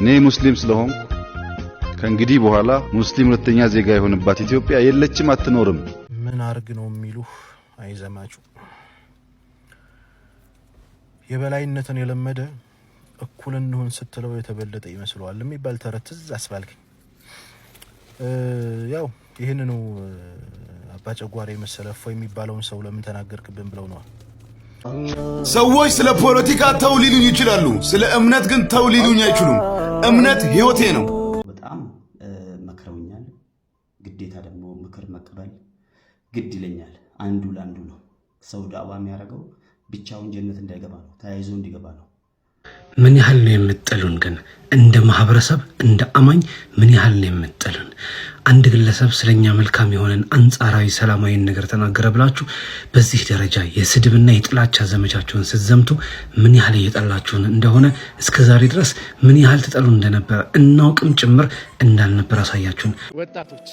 እኔ ሙስሊም ስለሆን ከእንግዲህ በኋላ ሙስሊም ሁለተኛ ዜጋ የሆነባት ኢትዮጵያ የለችም፣ አትኖርም። ምን አርግ ነው የሚሉ አይዘማቹ። የበላይነትን የለመደ እኩል እንሁን ስትለው የተበለጠ ይመስለዋል የሚባል ተረት ትዝ ያው ይህንኑ አባ ጨጓራ የመሰለ የሚባለውን ሰው ለምን ተናገርክብን ብለው ነዋል። ሰዎች ስለ ፖለቲካ ተው ሊሉኝ ይችላሉ፣ ስለ እምነት ግን ተው ሊሉኝ አይችሉም። እምነት ህይወቴ ነው። በጣም መክረውኛል። ግዴታ ደግሞ ምክር መቀበል ግድ ይለኛል። አንዱ ለአንዱ ነው። ሰው ዳዕዋ የሚያደርገው ብቻውን ጀነት እንዳይገባ ነው፣ ተያይዞ እንዲገባ ነው። ምን ያህል ነው የምጠሉን? ግን እንደ ማህበረሰብ እንደ አማኝ ምን ያህል ነው የምጠሉን? አንድ ግለሰብ ስለኛ መልካም የሆነን አንጻራዊ ሰላማዊን ነገር ተናገረ ብላችሁ በዚህ ደረጃ የስድብና የጥላቻ ዘመቻችሁን ስትዘምቱ ምን ያህል እየጠላችሁን እንደሆነ እስከ ዛሬ ድረስ ምን ያህል ትጠሉ እንደነበረ እናውቅም ጭምር እንዳልነበር አሳያችሁን። ወጣቶች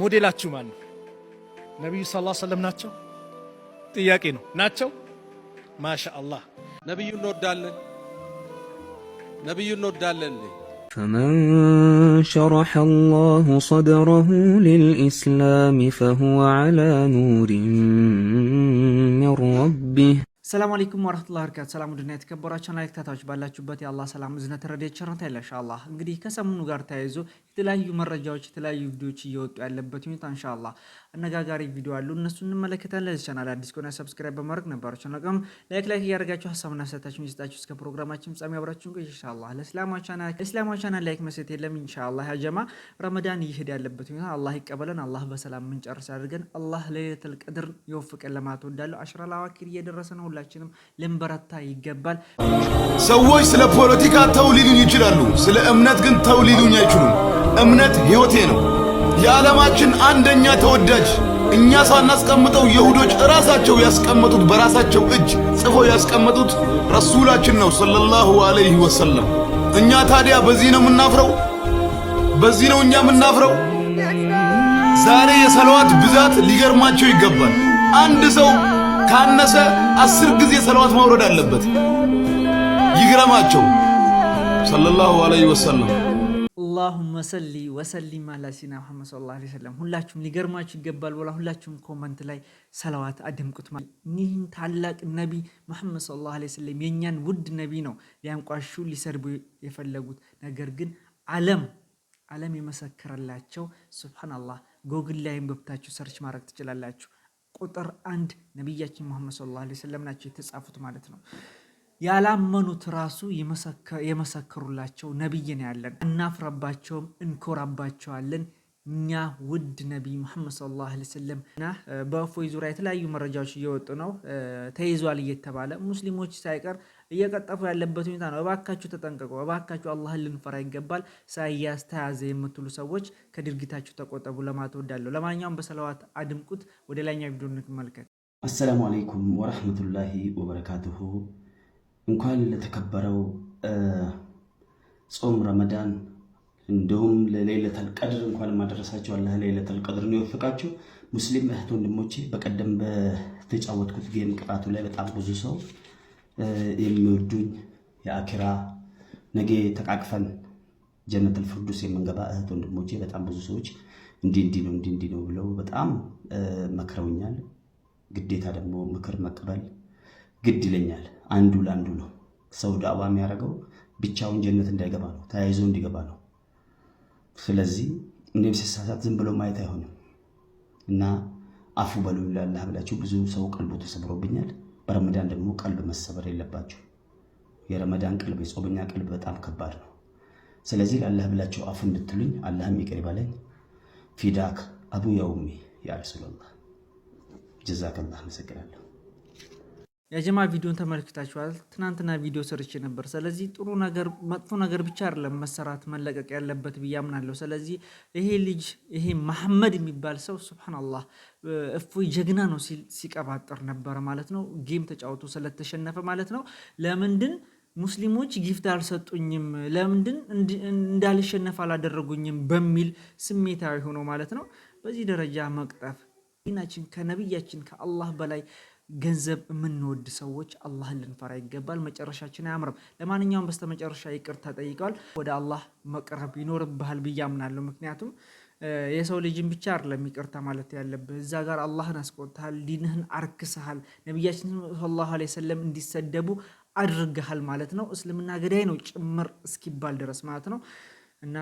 ሞዴላችሁ ማን ነው? ነቢዩ ሰለላሁ ዐለይሂ ናቸው? ጥያቄ ነው። ናቸው? ማሻ አላህ ነቢዩ እንወዳለን፣ ነቢዩ እንወዳለን። فمن شرح الله صدره للإسلام فهو على نور من ربه السلام عليكم ورحمة الله وبركاته سلام ودنا يتكبر أشان لك تتوش بالله جبتي الله سلام وزنة ردية شرنة إن شاء الله انقريه كسامونو غار የተለያዩ መረጃዎች የተለያዩ ቪዲዮዎች እየወጡ ያለበት ሁኔታ እንሻላ አነጋጋሪ ቪዲዮ አሉ፣ እነሱ እንመለከታለን። ለዚህ ቻናል አዲስ ከሆነ ሰብስክራይብ በማድረግ ነባሮች ነቀም ላይክ ላይክ እያደረጋችሁ ሀሳብና ሰታችሁ ሚሰጣችሁ እስከ ፕሮግራማችን ፍጻሜ አብራችሁን ቆይ። እንሻላ ለእስላማዊ ቻናል ላይክ መሰት የለም። እንሻላ ያጀማ ረመዳን ይሄድ ያለበት ሁኔታ አላህ ይቀበለን፣ አላህ በሰላም ምንጨርስ አድርገን፣ አላህ ለሌለተል ቀድር የወፍቀን ለማለት ወዳለሁ። አሽራ ላዋኪር እየደረሰ ነው። ሁላችንም ልንበረታ ይገባል። ሰዎች ስለ ፖለቲካ ተው ሊሉኝ ይችላሉ፣ ስለ እምነት ግን ተው ሊሉኝ አይችሉም። እምነት ሕይወቴ ነው። የዓለማችን አንደኛ ተወዳጅ እኛ ሳናስቀምጠው የሁዶች ራሳቸው ያስቀመጡት በራሳቸው እጅ ጽፈው ያስቀመጡት ረሱላችን ነው ሰለላሁ ዐለይሂ ወሰለም። እኛ ታዲያ በዚህ ነው የምናፍረው፣ በዚህ ነው እኛ የምናፍረው። ዛሬ የሰለዋት ብዛት ሊገርማቸው ይገባል። አንድ ሰው ካነሰ አስር ጊዜ ሰለዋት ማውረድ አለበት። ይግረማቸው ሰለላሁ ዐለይሂ ወሰለም። አላሁመ ሰሊ ወሰሊም አላ ሲና ሙሐመድ ሰለላሁ ዓለይሂ ወሰለም። ሁላችሁም ሊገርማችሁ ይገባል። ወላ ሁላችሁም ኮመንት ላይ ሰለዋት አድምቁት። ይህን ታላቅ ነቢ ሙሐመድ ሰለላሁ ዓለይሂ ወሰለም የእኛን ውድ ነቢ ነው ሊያንቋሹ ሊሰርቡ የፈለጉት ነገር ግን ዓለም ዓለም የመሰከረላቸው ሱብሓነላህ። ጎግል ላይም ገብታችሁ ሰርች ማድረግ ትችላላችሁ። ቁጥር አንድ ነቢያችን ሙሐመድ ሰለላሁ ዓለይሂ ወሰለም ናቸው የተጻፉት ማለት ነው። ያላመኑት ራሱ የመሰክሩላቸው ነቢይን ያለን እናፍረባቸውም፣ እንኮራባቸዋለን። እኛ ውድ ነቢይ ሙሐመድ ሰለላሁ ዐለይሂ ወሰለም እና በእፎይ ዙሪያ የተለያዩ መረጃዎች እየወጡ ነው። ተይዟል እየተባለ ሙስሊሞች ሳይቀር እየቀጠፉ ያለበት ሁኔታ ነው። እባካችሁ ተጠንቀቁ። እባካችሁ አላህን ልንፈራ ይገባል። ሳያስ ተያዘ የምትሉ ሰዎች ከድርጊታችሁ ተቆጠቡ ለማለት እወዳለሁ። ለማንኛውም በሰለዋት አድምቁት። ወደ ላይኛው ቪዲዮ እንመልከት። አሰላሙ አለይኩም ወረህመቱላሂ ወበረካቱሁ እንኳን ለተከበረው ጾም ረመዳን እንዲሁም ለሌለተል ቀድር እንኳን ማደረሳቸው አለ ለሌለተል ነው ይወፍቃችሁ። ሙስሊም እህት ወንድሞቼ፣ በቀደም በተጫወትኩት ጌም ቅጣቱ ላይ በጣም ብዙ ሰው የሚወዱኝ የአኪራ ነገ ተቃቅፈን ጀነተል ፍርዱስ የምንገባ እህት ወንድሞቼ፣ በጣም ብዙ ሰዎች እንዲህ እንዲህ ነው እንዲህ እንዲህ ነው ብለው በጣም መክረውኛል። ግዴታ ደግሞ ምክር መቀበል ግድ ይለኛል። አንዱ ለአንዱ ነው። ሰው ዳዕዋ የሚያደርገው ብቻውን ጀነት እንዳይገባ ነው፣ ተያይዞ እንዲገባ ነው። ስለዚህ እኔም ሲሳሳት ዝም ብሎ ማየት አይሆንም እና አፉ በሉ ላላህ ብላችሁ ብዙ ሰው ቀልቦ ተሰብሮብኛል። በረመዳን ደግሞ ቀልብ መሰበር የለባችሁ። የረመዳን ቀልብ የጾመኛ ቀልብ በጣም ከባድ ነው። ስለዚህ ለአላህ ብላችሁ አፉ እንድትሉኝ አላህም ይቅር ይበለኝ። ፊዳክ አቡ የውሚ ያ ረሱላላህ ጀዛከላህ፣ አመሰግናለሁ። ያጀማ ቪዲዮን ተመልክታችኋል። ትናንትና ቪዲዮ ሰርቼ ነበር። ስለዚህ ጥሩ ነገር መጥፎ ነገር ብቻ አይደለም መሰራት መለቀቅ ያለበት ብዬ አምናለሁ። ስለዚህ ይሄ ልጅ ይሄ መሐመድ የሚባል ሰው ሱብሃነላህ እፎይ ጀግና ነው ሲል ሲቀባጠር ነበር ማለት ነው። ጌም ተጫውቶ ስለተሸነፈ ማለት ነው። ለምንድን ሙስሊሞች ጊፍት አልሰጡኝም፣ ለምንድን እንዳልሸነፍ አላደረጉኝም በሚል ስሜታዊ ሆኖ ማለት ነው። በዚህ ደረጃ መቅጠፍ ናችን ከነቢያችን ከአላህ በላይ ገንዘብ የምንወድ ሰዎች አላህን ልንፈራ ይገባል። መጨረሻችን አያምርም። ለማንኛውም በስተመጨረሻ ይቅርታ ጠይቀዋል። ወደ አላህ መቅረብ ይኖርብሃል ብዬ አምናለሁ። ምክንያቱም የሰው ልጅን ብቻ አይደለም ይቅርታ ማለት ያለብህ፣ እዛ ጋር አላህን አስቆጥተሃል፣ ዲንህን አርክሰሃል፣ ነቢያችን ሰለላሁ ዐለይሂ ወሰለም እንዲሰደቡ አድርገሃል ማለት ነው። እስልምና ገዳይ ነው ጭምር እስኪባል ድረስ ማለት ነው። እና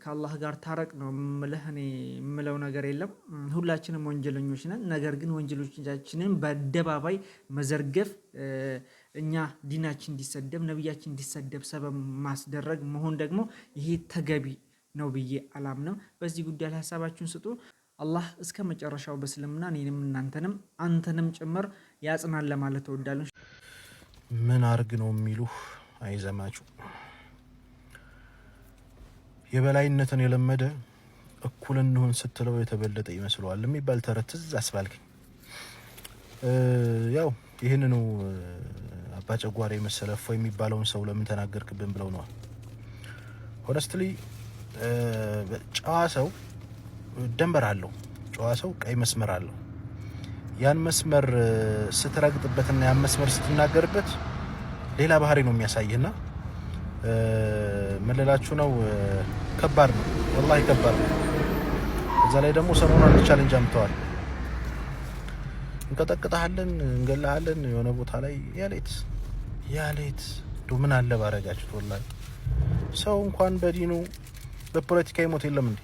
ከአላህ ጋር ታረቅ ነው የምልህ። እኔ የምለው ነገር የለም። ሁላችንም ወንጀለኞች ነን። ነገር ግን ወንጀሎቻችንን በአደባባይ መዘርገፍ እኛ ዲናችን እንዲሰደብ፣ ነቢያችን እንዲሰደብ ሰበብ ማስደረግ መሆን ደግሞ ይሄ ተገቢ ነው ብዬ አላምንም። በዚህ ጉዳይ ላይ ሀሳባችሁን ስጡ። አላህ እስከ መጨረሻው በእስልምና እኔንም እናንተንም አንተንም ጭምር ያጽናን ለማለት እወዳለሁ። ምን አርግ ነው የሚሉ አይዘማችሁ የበላይነትን የለመደ እኩል እንሁን ስትለው የተበለጠ ይመስለዋል የሚባል ተረት ትዝ አስባልክኝ። ያው ይህንኑ አባጨጓራ የመሰለ እፎይ የሚባለውን ሰው ለምን ተናገርክብን ብለው ነዋል። ሆነስትሊ ጨዋ ሰው ደንበር አለው። ጨዋ ሰው ቀይ መስመር አለው። ያን መስመር ስትረግጥበትና ያን መስመር ስትናገርበት ሌላ ባህሪ ነው የሚያሳይህና ምልላችሁ ነው። ከባድ ነው፣ ወላሂ ከባድ ነው። እዛ ላይ ደግሞ ሰሞኑን አንድ ቻሌንጅ አምተዋል። እንቀጠቅጠሃለን፣ እንገላሃለን የሆነ ቦታ ላይ ያሌት ያሌት ምን አለ ባረጋችሁት። ወላሂ ሰው እንኳን በዲኑ በፖለቲካ ይሞት የለም እንዴ?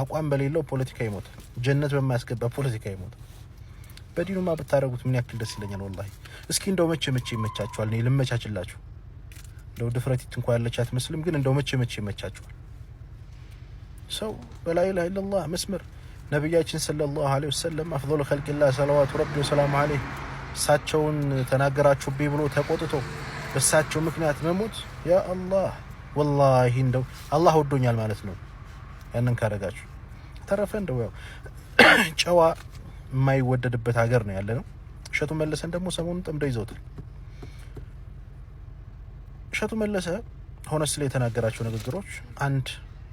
አቋም በሌለው ፖለቲካ ይሞት ጀነት በማያስገባ ፖለቲካ ይሞት በዲኑማ ብታደረጉት ምን ያክል ደስ ይለኛል ወላሂ። እስኪ እንደው መቼ መቼ ይመቻችኋል? እኔ ልመቻችላችሁ እንደው ድፍረቲት እንኳን ያለች አትመስልም። ግን እንደው መቼ መቼ ይመቻችኋል? ሰው በላ ኢላሀ ኢለላህ መስመር ነቢያችን ሰለላሁ ዐለይሂ ወሰለም አፍዶል ኸልቂላህ ሰለዋቱ ረቢ ወሰላሙ ዐለይህ እሳቸውን ተናገራችሁብኝ ብሎ ተቆጥቶ በእሳቸው ምክንያት መሞት ያ አላህ ወላሂ እንደው አላህ ወዶኛል ማለት ነው። ያንን ካረጋችሁ ተረፈ እንደው ያው ጨዋ የማይወደድበት ሀገር ነው ያለ ነው። እሸቱ መለሰን ደግሞ ሰሞኑን ጠምደው ይዘውታል። እሸቱ መለሰ ሆነስ ላይ የተናገራቸው ንግግሮች አንድ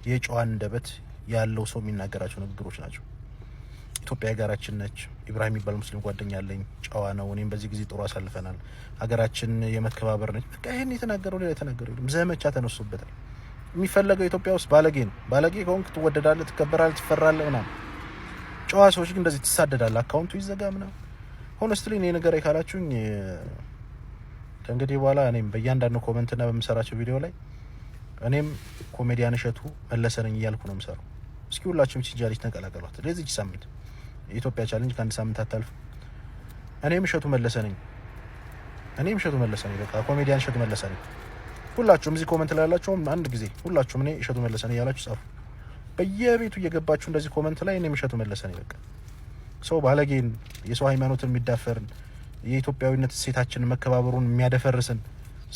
የጨዋ አንደበት ያለው ሰው የሚናገራቸው ንግግሮች ናቸው። ኢትዮጵያ ሀገራችን ነች። ኢብራሂም የሚባል ሙስሊም ጓደኛ አለኝ። ጨዋ ነው። እኔም በዚህ ጊዜ ጥሩ አሳልፈናል። ሀገራችን የመተከባበር ነች። በቃ ይህን የተናገረው ሌላ የተናገረው የለም። ዘመቻ ተነሱበታል። የሚፈለገው ኢትዮጵያ ውስጥ ባለጌ ነው። ባለጌ ከሆንክ ትወደዳለህ፣ ትከበራለህ፣ ትፈራለህ ምናምን። ጨዋ ሰዎች ግን እንደዚህ ትሳደዳለህ፣ አካውንቱ ይዘጋ ምናምን። ሆነስትሊ እኔ ነገር ካላችሁኝ ከእንግዲህ በኋላ እኔም በእያንዳንዱ ኮመንትና በምሰራቸው ቪዲዮ ላይ እኔም ኮሜዲያን እሸቱ መለሰነኝ እያልኩ ነው የምሰራው። እስኪ ሁላችሁም ችንጃሪች ተቀላቀሏት። ለዚች ሳምንት የኢትዮጵያ ቻለንጅ ከአንድ ሳምንት አታልፍ። እኔም እሸቱ መለሰነኝ፣ እኔም እሸቱ መለሰነኝ፣ በቃ ኮሜዲያን እሸቱ መለሰነኝ። ሁላችሁም እዚህ ኮመንት ላይ ያላችሁም አንድ ጊዜ ሁላችሁም እኔ እሸቱ መለሰነኝ እያላችሁ ጻፉ። በየቤቱ እየገባችሁ እንደዚህ ኮመንት ላይ እኔም እሸቱ መለሰነኝ። በቃ ሰው ባለጌን የሰው ሃይማኖትን የሚዳፈርን የኢትዮጵያዊነት እሴታችን መከባበሩን የሚያደፈርስን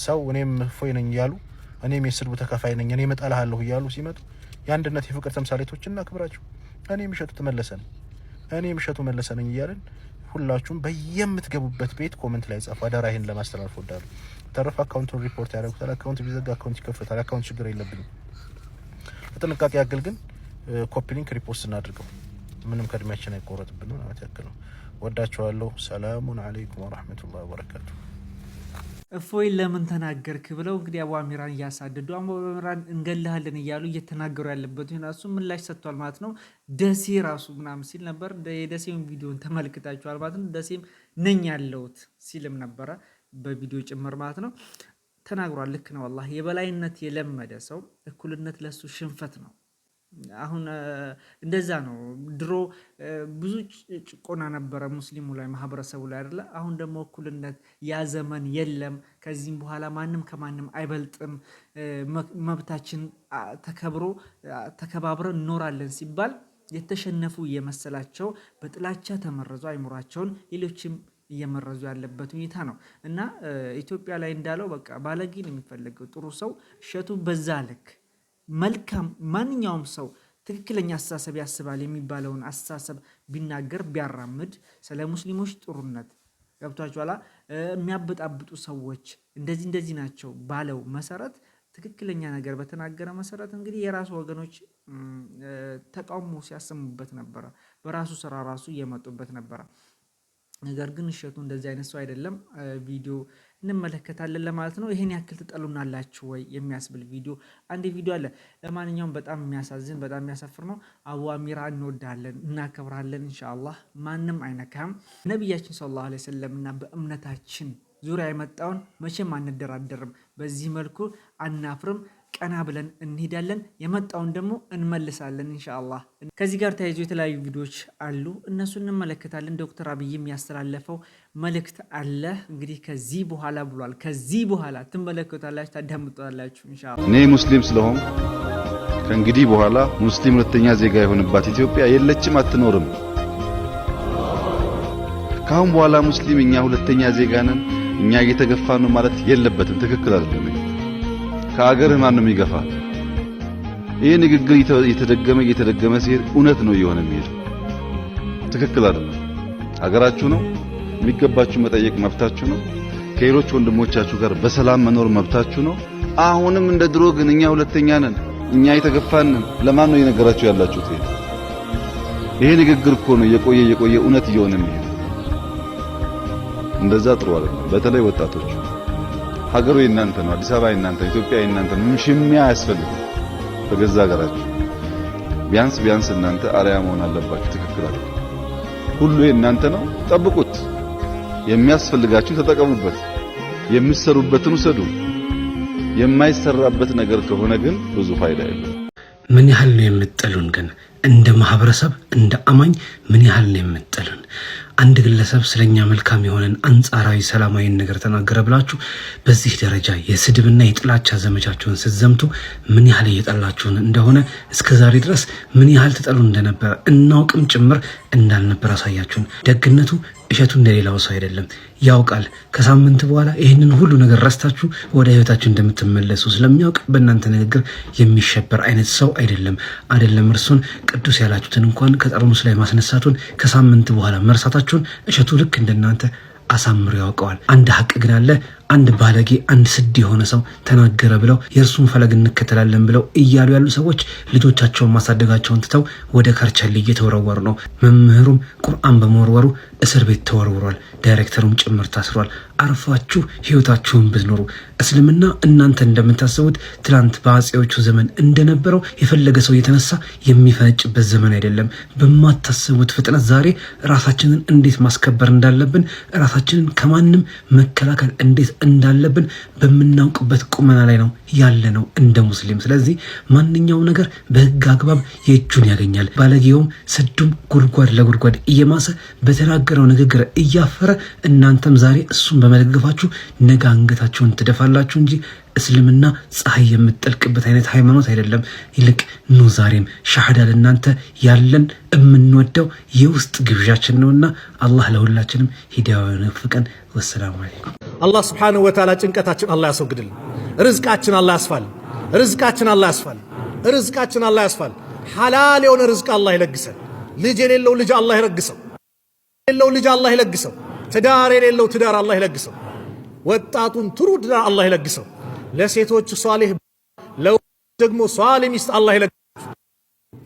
ሰው እኔም እፎይ ነኝ እያሉ እኔም የስድቡ ተከፋይ ነኝ እኔ እጠላሃለሁ እያሉ ሲመጡ የአንድነት የፍቅር ተምሳሌቶች እናክብራቸው። እኔም እሸቱ ተመለሰ ነኝ እኔም እሸቱ መለሰ ነኝ እያልን ሁላችሁም በየምትገቡበት ቤት ኮመንት ላይ ጻፉ። አደራ ይህን ለማስተላለፍ ወዳሉ ተረፍ አካውንቱን ሪፖርት ያደረጉታል። አካውንት ቢዘጋ አካውንት ይከፈታል። አካውንት ችግር የለብኝም። በጥንቃቄ ያክል ግን ኮፒ ሊንክ ሪፖርት ስናድርገው ምንም ከእድሜያችን አይቆረጥብንም ማለት ያክል ነው። ወዳችኋለሁ። ሰላሙን አለይኩም ወረህመቱላሂ ወበረካቱ። እፎይን ለምን ተናገርክ ብለው እንግዲህ አቡ አሚራን እያሳደዱ አቡ አሚራን እንገልሃለን እያሉ እየተናገሩ ያለበት ራሱ ምላሽ ሰጥቷል ማለት ነው። ደሴ ራሱ ምናምን ሲል ነበር። የደሴም ቪዲዮን ተመልክታችኋል ማለት ነው። ደሴም ነኝ ያለሁት ሲልም ነበረ በቪዲዮ ጭምር ማለት ነው። ተናግሯል። ልክ ነው። አላህ የበላይነት የለመደ ሰው እኩልነት ለሱ ሽንፈት ነው። አሁን እንደዛ ነው። ድሮ ብዙ ጭቆና ነበረ ሙስሊሙ ላይ ማህበረሰቡ ላይ አይደለ? አሁን ደግሞ እኩልነት ያ ዘመን የለም። ከዚህም በኋላ ማንም ከማንም አይበልጥም፣ መብታችን ተከብሮ ተከባብረን እኖራለን ሲባል የተሸነፉ እየመሰላቸው በጥላቻ ተመረዙ አይምሯቸውን ሌሎችም እየመረዙ ያለበት ሁኔታ ነው እና ኢትዮጵያ ላይ እንዳለው በቃ ባለጌ ነው የሚፈለገው ጥሩ ሰው እሸቱ በዛ ልክ መልካም ማንኛውም ሰው ትክክለኛ አስተሳሰብ ያስባል የሚባለውን አስተሳሰብ ቢናገር ቢያራምድ ስለ ሙስሊሞች ጥሩነት ገብቷችኋላ የሚያበጣብጡ ሰዎች እንደዚህ እንደዚህ ናቸው ባለው መሰረት ትክክለኛ ነገር በተናገረ መሰረት እንግዲህ የራሱ ወገኖች ተቃውሞ ሲያሰሙበት ነበረ። በራሱ ስራ ራሱ እየመጡበት ነበረ። ነገር ግን እሸቱ እንደዚህ አይነት ሰው አይደለም ቪዲዮ እንመለከታለን ለማለት ነው። ይሄን ያክል ትጠሉናላችሁ ወይ የሚያስብል ቪዲዮ አንድ ቪዲዮ አለ። ለማንኛውም በጣም የሚያሳዝን በጣም የሚያሳፍር ነው። አቡ አሚራ እንወዳለን፣ እናከብራለን። ኢንሻአላህ ማንም አይነካም። ነቢያችን ሰለላሁ ዐለይሂ ወሰለም እና በእምነታችን ዙሪያ የመጣውን መቼም አንደራደርም። በዚህ መልኩ አናፍርም። ቀና ብለን እንሄዳለን። የመጣውን ደግሞ እንመልሳለን ኢንሻአላህ። ከዚህ ጋር ተያይዞ የተለያዩ ቪዲዮዎች አሉ፣ እነሱ እንመለከታለን። ዶክተር አብይም ያስተላለፈው መልእክት አለ። እንግዲህ ከዚህ በኋላ ብሏል። ከዚህ በኋላ ትመለከታላችሁ፣ ታዳምጣላችሁ ኢንሻአላህ። እኔ ሙስሊም ስለሆን ከእንግዲህ በኋላ ሙስሊም ሁለተኛ ዜጋ የሆንባት ኢትዮጵያ የለችም፣ አትኖርም። ከአሁን በኋላ ሙስሊም እኛ ሁለተኛ ዜጋ ነን፣ እኛ እየተገፋ ነው ማለት የለበትም። ትክክል አይደለም። ከአገርህ ማን ነው የሚገፋ? ይህ ንግግር እየተደገመ እየተደገመ ሲሄድ እውነት ነው እየሆነ የሚሄደው። ትክክል አይደለም። ሀገራችሁ ነው፣ የሚገባችሁ መጠየቅ መብታችሁ ነው፣ ከሌሎች ወንድሞቻችሁ ጋር በሰላም መኖር መብታችሁ ነው። አሁንም እንደ ድሮ ግን እኛ ሁለተኛ ነን፣ እኛ የተገፋንን። ለማን ነው እየነገራችሁ ያላችሁት? ይሄ ንግግር እኮ ነው የቆየ የቆየ እውነት እየሆነ የሚሄደው። እንደዛ ጥሩ አይደለም። በተለይ ወጣቶች ሀገሩ የእናንተ ነው። አዲስ አበባ የእናንተ፣ ኢትዮጵያ የእናንተ ነው። ሽሚያ አያስፈልግም። በገዛ ሀገራችሁ ቢያንስ ቢያንስ እናንተ አርያ መሆን አለባችሁ። ትክክል አለ። ሁሉ የእናንተ ነው። ጠብቁት። የሚያስፈልጋችሁ ተጠቀሙበት። የምትሰሩበትን ውሰዱ። የማይሰራበት ነገር ከሆነ ግን ብዙ ፋይዳ የለም። ምን ያህል ነው የምትጠሉን? ግን እንደ ማህበረሰብ እንደ አማኝ ምን ያህል ነው የምትጠሉን? አንድ ግለሰብ ስለኛ መልካም የሆነን አንጻራዊ ሰላማዊ ነገር ተናገረ ብላችሁ በዚህ ደረጃ የስድብና የጥላቻ ዘመቻችሁን ስትዘምቱ ምን ያህል እየጠላችሁን እንደሆነ እስከ ዛሬ ድረስ ምን ያህል ትጠሉ እንደነበረ እናውቅም ጭምር እንዳልነበር አሳያችሁን። ደግነቱ እሸቱ እንደሌላው ሰው አይደለም፣ ያውቃል። ከሳምንት በኋላ ይህንን ሁሉ ነገር ረስታችሁ ወደ ህይወታችሁ እንደምትመለሱ ስለሚያውቅ በእናንተ ንግግር የሚሸበር አይነት ሰው አይደለም። አይደለም እርሱን ቅዱስ ያላችሁትን እንኳን ከጠርሙስ ላይ ማስነሳቱን ከሳምንት በኋላ መርሳታ ራሳችሁን እሸቱ ልክ እንደናንተ አሳምሮ ያውቀዋል። አንድ ሀቅ ግን አለ። አንድ ባለጌ አንድ ስድ የሆነ ሰው ተናገረ ብለው የእርሱን ፈለግ እንከተላለን ብለው እያሉ ያሉ ሰዎች ልጆቻቸውን ማሳደጋቸውን ትተው ወደ ከርቸል እየተወረወሩ ነው። መምህሩም ቁርአን በመወርወሩ እስር ቤት ተወርውሯል። ዳይሬክተሩም ጭምር ታስሯል። አርፋችሁ ህይወታችሁን ብትኖሩ እስልምና እናንተ እንደምታስቡት ትላንት በአጼዎቹ ዘመን እንደነበረው የፈለገ ሰው እየተነሳ የሚፈነጭበት ዘመን አይደለም። በማታስቡት ፍጥነት ዛሬ ራሳችንን እንዴት ማስከበር እንዳለብን ራሳችንን ከማንም መከላከል እንዴት እንዳለብን በምናውቅበት ቁመና ላይ ነው ያለ ነው እንደ ሙስሊም። ስለዚህ ማንኛውም ነገር በህግ አግባብ የእጁን ያገኛል። ባለጌውም ስዱም ጉድጓድ ለጉድጓድ እየማሰ በተናገረው ንግግር እያፈረ እናንተም ዛሬ እሱን በመደገፋችሁ ነገ አንገታችሁን ትደፋላችሁ እንጂ እስልምና ፀሐይ የምትጠልቅበት አይነት ሃይማኖት አይደለም። ይልቅ ኑ ዛሬም ሻህዳ ለእናንተ ያለን የምንወደው የውስጥ ግብዣችን ነውና አላህ ለሁላችንም ሂዳያ ይወፍቀን። ወሰላሙ አለይኩም አላህ ስብሓነሁ ወተዓላ ጭንቀታችን አላህ ያስወግድል። ርዝቃችን አላህ ያስፋል። ርዝቃችን አላህ ያስፋል። ርዝቃችን አላህ ያስፋል። ሐላል የሆነ ርዝቅ አላህ ይለግሰን። ልጅ የሌለው ልጅ አላህ ይረግሰው። የሌለው ልጅ አላህ ይለግሰው። ትዳር የሌለው ትዳር አላህ ይለግሰው። ወጣቱን ጥሩ ትዳር አላህ ይለግሰው። ለሴቶች ሷሊህ ለው ደግሞ ሷሊህ ሚስት አላህ ይለግሰው።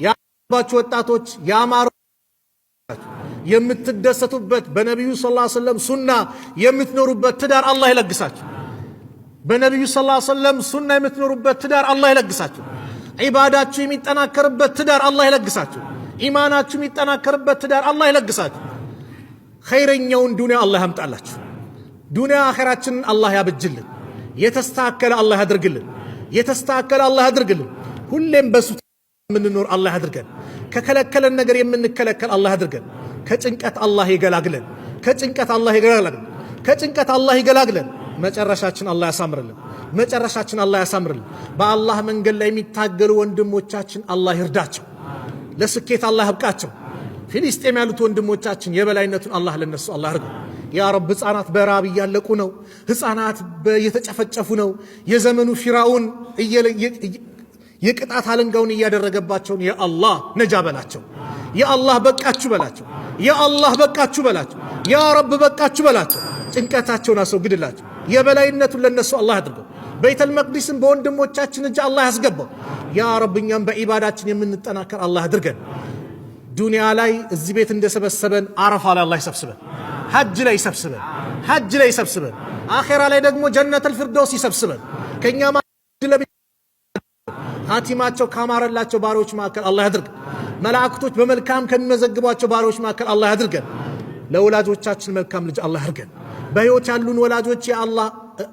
ያባችሁ ወጣቶች ያማሩ የምትደሰቱበት በነቢዩ ሰለላሁ ዐለይሂ ወሰለም ሱና የምትኖሩበት ትዳር አላህ ይለግሳችሁ። በነቢዩ ሰለላሁ ዐለይሂ ወሰለም ሱና የምትኖሩበት ትዳር አላህ ይለግሳችሁ። ዒባዳችሁ የሚጠናከርበት ትዳር አላህ ይለግሳችሁ። ኢማናችሁ የሚጠናከርበት ትዳር አላህ ይለግሳችሁ። ኸይረኛውን ዱንያ አላህ ያምጣላችሁ። ዱንያ አኼራችንን አላህ ያብጅልን። የተስተካከለ አላህ ያድርግልን። የተስተካከለ አላህ ያድርግልን። ሁሌም በሱ የምንኖር አላህ ያድርገን። ከከለከለን ነገር የምንከለከል አላህ ያድርገን። ከጭንቀት አላህ ይገላግለን። ከጭንቀት አላህ ይገላግለን። ከጭንቀት አላህ ይገላግለን። መጨረሻችን አላህ ያሳምርልን። መጨረሻችን አላህ ያሳምርልን። በአላህ መንገድ ላይ የሚታገሉ ወንድሞቻችን አላህ ይርዳቸው፣ ለስኬት አላህ ያብቃቸው። ፊሊስጤም ያሉት ወንድሞቻችን የበላይነቱን አላህ ለነሱ አላህ ያርገው። ያ ረብ ህፃናት በራብ እያለቁ ነው። ህፃናት እየተጨፈጨፉ ነው። የዘመኑ ፊራውን የቅጣት አለንጋውን እያደረገባቸውን የአላህ ነጃ በላቸው። የአላህ በቃችሁ በላቸው። የአላህ በቃችሁ በላቸው። ያ ረብ በቃችሁ በላቸው። ጭንቀታቸውን አስወግድላቸው። የበላይነቱን ለነሱ አላህ አድርገው። ቤተል መቅዲስን በወንድሞቻችን እጅ አላህ ያስገባው። ያ ረብ እኛም በኢባዳችን የምንጠናከር አላህ አድርገን። ዱንያ ላይ እዚህ ቤት እንደሰበሰበን አረፋ ላይ አላህ ይሰብስበን። ሐጅ ላይ ይሰብስበን። ሐጅ ላይ ይሰብስበን። አኼራ ላይ ደግሞ ጀነተል ፊርደውስ ይሰብስበን ከእኛ ሀቲማቸው ካማረላቸው ባሪዎች መካከል አላህ ያድርገን። መላእክቶች በመልካም ከሚመዘግቧቸው ባሪዎች መካከል አላህ ያድርገን። ለወላጆቻችን መልካም ልጅ አላህ ያድርገን። በሕይወት ያሉን ወላጆች የአላህ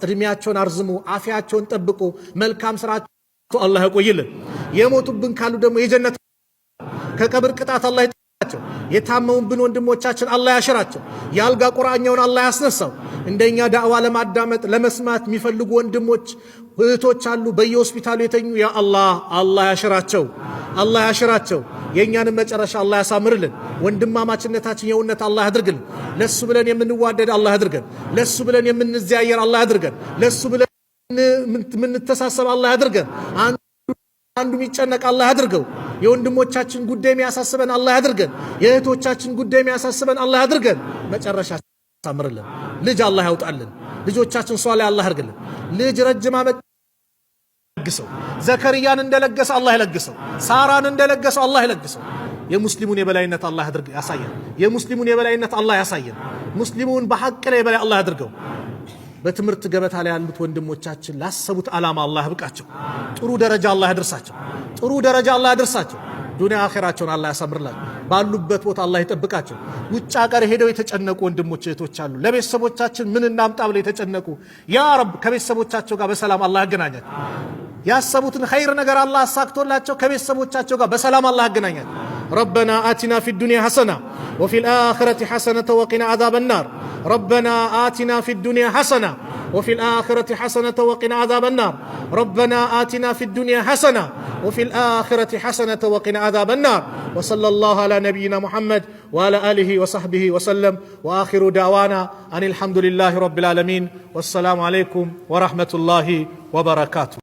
እድሜያቸውን አርዝሞ አፊያቸውን ጠብቆ መልካም ስራቸው አላህ ያቆይልን። የሞቱብን ካሉ ደግሞ የጀነት ከቀብር ቅጣት አላህ ይጠብቃቸው። የታመሙብን ወንድሞቻችን አላህ ያሽራቸው። የአልጋ ቁራኛውን አላህ ያስነሳው። እንደኛ ዳዕዋ ለማዳመጥ ለመስማት የሚፈልጉ ወንድሞች እህቶች አሉ፣ በየሆስፒታሉ የተኙ። ያ አላህ አላህ ያሽራቸው፣ አላህ ያሽራቸው። የእኛንም መጨረሻ አላህ ያሳምርልን። ወንድማማችነታችን የውነት አላህ ያድርግልን። ለሱ ብለን የምንዋደድ አላህ ያድርገን። ለሱ ብለን የምንዘያየር አላህ ያድርገን። ለሱ ብለን የምንተሳሰብ አላህ ያድርገን። አንዱ የሚጨነቅ አላህ ያድርገው። የወንድሞቻችን ጉዳይ የሚያሳስበን አላህ ያድርገን። የእህቶቻችን ጉዳይ የሚያሳስበን አላህ ያድርገን። መጨረሻ ታምርልን ልጅ አላህ ያውጣልን። ልጆቻችን ሷ ላይ አላህ ያርግልን። ልጅ ረጅም አመት ለግሰው ዘከርያን እንደለገሰ አላህ ይለግሰው። ሳራን እንደለገሰው አላህ ይለግሰው። የሙስሊሙን የበላይነት አላህ ያድርግ ያሳየን። የሙስሊሙን የበላይነት አላህ ያሳየን። ሙስሊሙን በሐቅ ላይ የበላይ አላህ ያድርገው። በትምህርት ገበታ ላይ ያሉት ወንድሞቻችን ላሰቡት ዓላማ አላህ ያብቃቸው። ጥሩ ደረጃ አላህ ያድርሳቸው። ጥሩ ደረጃ አላህ ያድርሳቸው። ዱንያ አኼራቸውን አላህ ያሳምርላቸው። ባሉበት ቦታ አላህ ይጠብቃቸው። ውጭ ሀገር ሄደው የተጨነቁ ወንድሞች እህቶች አሉ። ለቤተሰቦቻችን ምን እናምጣ ብለው የተጨነቁ ያ ረብ ከቤተሰቦቻቸው ጋር በሰላም አላህ ያገናኛል። ያሰቡትን ኸይር ነገር አላህ አሳክቶላቸው ከቤተሰቦቻቸው ጋር በሰላም አላህ ያገናኛቸው። ረበና አቲና ፊ ዱንያ ሐሰና ወፊል አኺረቲ ሐሰነተ ወቂና አዛበናር ረበና አቲና ፊ ዱንያ ሐሰና وفي الآخرة حسنة وقنا عذاب النار ربنا آتنا في الدنيا حسنة وفي الآخرة حسنة وقنا عذاب النار وصلى الله على نبينا محمد وعلى آله وصحبه وسلم وآخر دعوانا أن الحمد لله رب العالمين والسلام عليكم ورحمة الله وبركاته